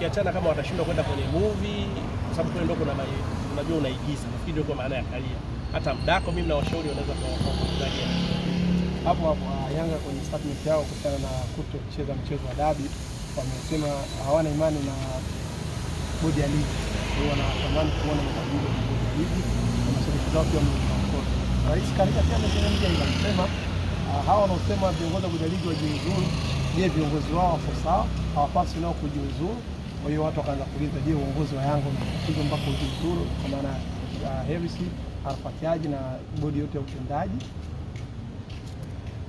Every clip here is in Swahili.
ukiachana kama watashindwa kwenda kwenye movie, kwa sababu kule ndio kuna unajua unaigiza, nafikiri ndio kwa maana ya kalia. Hata mdako mimi nawashauri wanaweza hapo hapo. Ah, Yanga kwenye statement yao kutokana na kuto kucheza mchezo wa dabi, wamesema hawana imani na bodi ya ligi, kwa hiyo wanatamani kuona mabadiliko ya bodi ya ligi na mashabiki zao pia wamekuwa. Rais Karia pia amezungumzia hilo, anasema hawa wanaosema viongozi wa bodi ya ligi wajiuzuru, je, viongozi wao wako sawa? Hawapaswi nao kujiuzuru. Kwa hiyo watu wakaanza kuuliza, je, uongozi wa Yanga unakuja mpaka ujiuzuru? Kwa maana Hersi hapatiaji na bodi yote ya utendaji.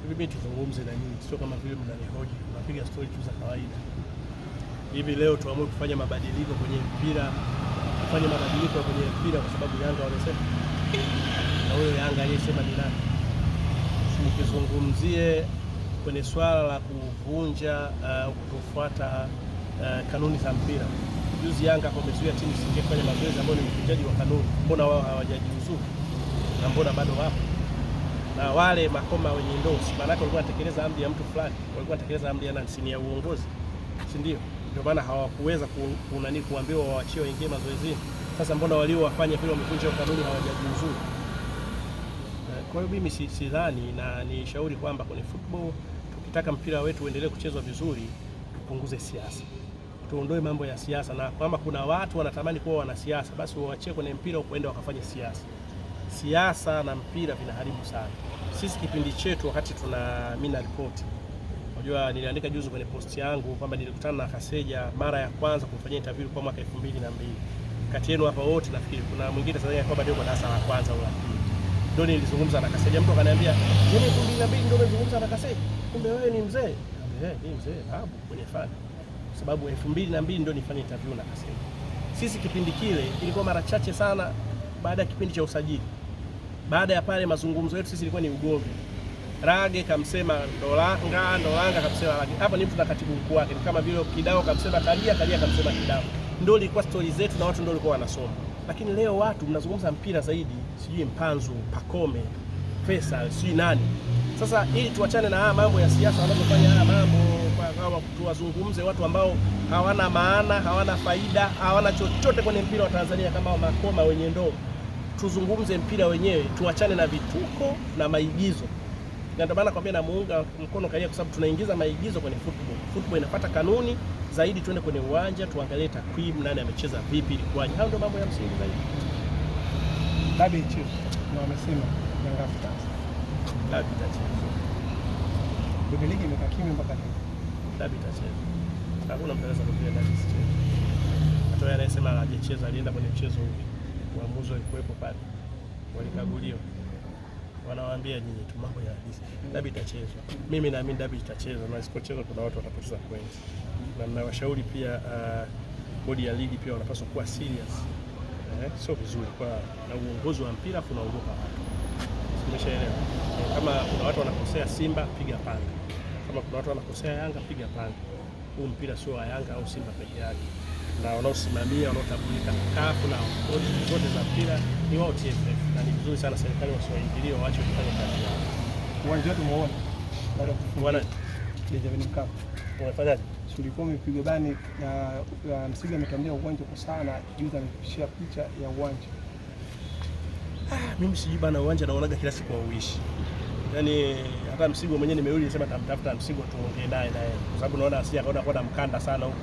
Hivi mimi tuzungumze na nini? Sio kama vile mnanihoji, unapiga stori tu za kawaida. Hivi leo tuamue kufanya mabadiliko kwenye mpira, kufanya mabadiliko kwenye mpira kwa sababu Yanga wamesema, na huyo Yanga aliyesema ni nani? Nikizungumzie kwenye swala la kuvunja uh, kutofuata Eh, kanuni za mpira. Juzi Yanga wamezuia timu isiingie kufanya mazoezi ambayo ni uvunjaji wa kanuni. Mbona wao hawajajiuzuru na mbona bado wapo? Na wale makoma wenye ndoo, yake walikuwa wanatekeleza amri ya mtu fulani, walikuwa wanatekeleza amri ya nani? ya uongozi, si ndio? Ndio maana hawakuweza kunani kuambiwa waachie waingie mazoezini. Sasa mbona walio wafanya vile wamevunja kanuni hawajajiuzuru? Eh, kwa hiyo mimi sidhani, na nishauri kwamba kwenye football tukitaka mpira wetu uendelee kuchezwa vizuri tupunguze siasa, tuondoe mambo ya siasa, na kwamba kuna watu wanatamani kuwa wanasiasa, basi waachie kwenye mpira kuenda wakafanye siasa. Siasa na mpira vinaharibu sana. Sisi kipindi chetu, wakati tuna mina naripoti, unajua niliandika juzi kwenye posti yangu kwamba nilikutana na Kaseja mara ya kwanza kumfanyia interview kwa mwaka 2002 kati yenu hapa wote nafikiri kuna mwingine sasa hivi bado yuko darasa la kwanza au la pili, ndio nilizungumza na Kaseja. Mtu akaniambia wewe, yaani 2002 ndio umezungumza na Kaseja? Kumbe wewe ni mzee. Eh, mzee, mimi mzee babu kwenye fani kwa sababu elfu mbili na mbili ndio nifanye interview na Kasema. Sisi kipindi kile ilikuwa mara chache sana baada ya kipindi cha usajili. Baada ya pale mazungumzo yetu sisi ilikuwa ni ugomvi. Rage kamsema Ndolanga, Ndolanga kamsema Rage. Hapa ni mtu na katibu mkuu wake ni kama vile Kidao kamsema Kalia, Kalia kamsema Kidao. Ndio ilikuwa stori zetu na watu ndio walikuwa wanasoma. Lakini leo watu mnazungumza mpira zaidi, sijui Mpanzu, Pakome, Faisal, sijui nani. Sasa ili tuachane na haya mambo ya siasa wanazofanya haya mambo kwa tuwazungumze watu ambao hawana maana, hawana faida, hawana chochote kwenye mpira wa Tanzania kama makoma wenye ndoo. Tuzungumze mpira wenyewe, tuachane na vituko na maigizo. Na ndio maana kwambia namuunga mkono Karia kwa sababu tunaingiza maigizo kwenye football. Football inapata kanuni zaidi, twende kwenye uwanja tuangalie takwimu, nani amecheza vipi, ilikuwaje. Hayo ndio mambo ya msingi zaidi. Dabi chief na wamesema Yanga Africans Dabi itachezwa. Ligi imekaa kimya mpaka leo. Dabi itachezwa. Hakuna mtu anaweza kuzuia dabi isichezwe. Hata yeye anayesema hajacheza alienda kwenye mchezo ule. Uamuzi ulikuwepo pale. Walikaguliwa. Wanawaambia nyinyi tu mambo ya halisi. Dabi itachezwa. Mimi naamini dabi itachezwa na isipochezwa kuna watu watapoteza pointi. Na ninawashauri pia uh, ya ligi pia wanapaswa kuwa serious. Eh, sio vizuri kwa na uongozi wa mpira kunaogopa watu. Umeshaelewa? Eh, kama kuna watu wanakosea Simba, piga panga. Kama kuna watu wanakosea Yanga, piga panga. Huu mpira sio wa Yanga au Simba peke yake, na wanaosimamia wanaotambulika kafu na bodi zote za mpira ni wao TFF, na ni vizuri sana serikali wasiwaingilie, waache kufanya kazi yao. Uwanja wetu umeona Benjamin Mkapa umefanyaje? Tulikuwa umepigwa bani na Msiga ametuambia uwanja uko sana, juzi amepishia picha ya uwanja Ah, mimi sijui bana, uwanja naonaga kila siku hauishi. Yaani hata Msigwa mwenyewe nimeuli nisema tamtafuta Msigwa tuongee naye naye. Kwa sababu naona asije akaona kwa mkanda sana huko.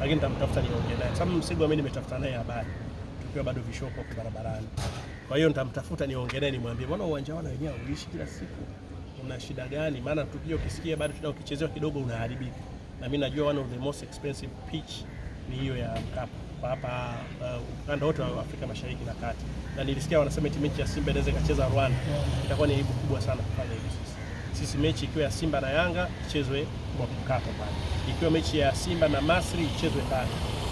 Lakini tamtafuta niongee naye. Sababu Msigwa mimi nimetafuta naye habari. Tukiwa bado vishoko kwa barabarani. Kwa hiyo nitamtafuta niongee naye nimwambie, "Mbona uwanja wao wenyewe hauishi kila siku? Una shida gani? Maana tukio kisikia bado tunao kichezewa kidogo unaharibika." Na mimi najua one of the most expensive pitch ni hiyo ya Mkapa hapa uh, ukanda uh, wote wa Afrika Mashariki na Kati, na nilisikia wanasema eti mechi ya Simba inaweza ikacheza Rwanda. Itakuwa ni aibu kubwa sana kufanya hivyo. Sisi sisi mechi ikiwa ya Simba na Yanga ichezwe kwa Mkapa pale, ikiwa mechi ya Simba na Masri ichezwe pale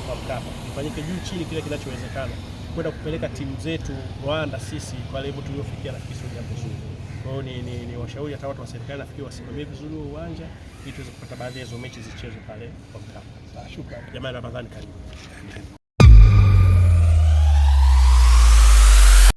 kwa Mkapa, ifanyike juu chini kile kinachowezekana kwenda kupeleka timu zetu Rwanda sisi kwa level tuliofikia, na kisu jambo zuri. Kwa hiyo ni, ni, ni washauri hata watu wa serikali nafikiri wasimamie vizuri huo uwanja ili tuweze kupata baadhi ya hizo mechi zichezwe pale kwa mtao. Shukrani. Jamani Ramadhani karibu.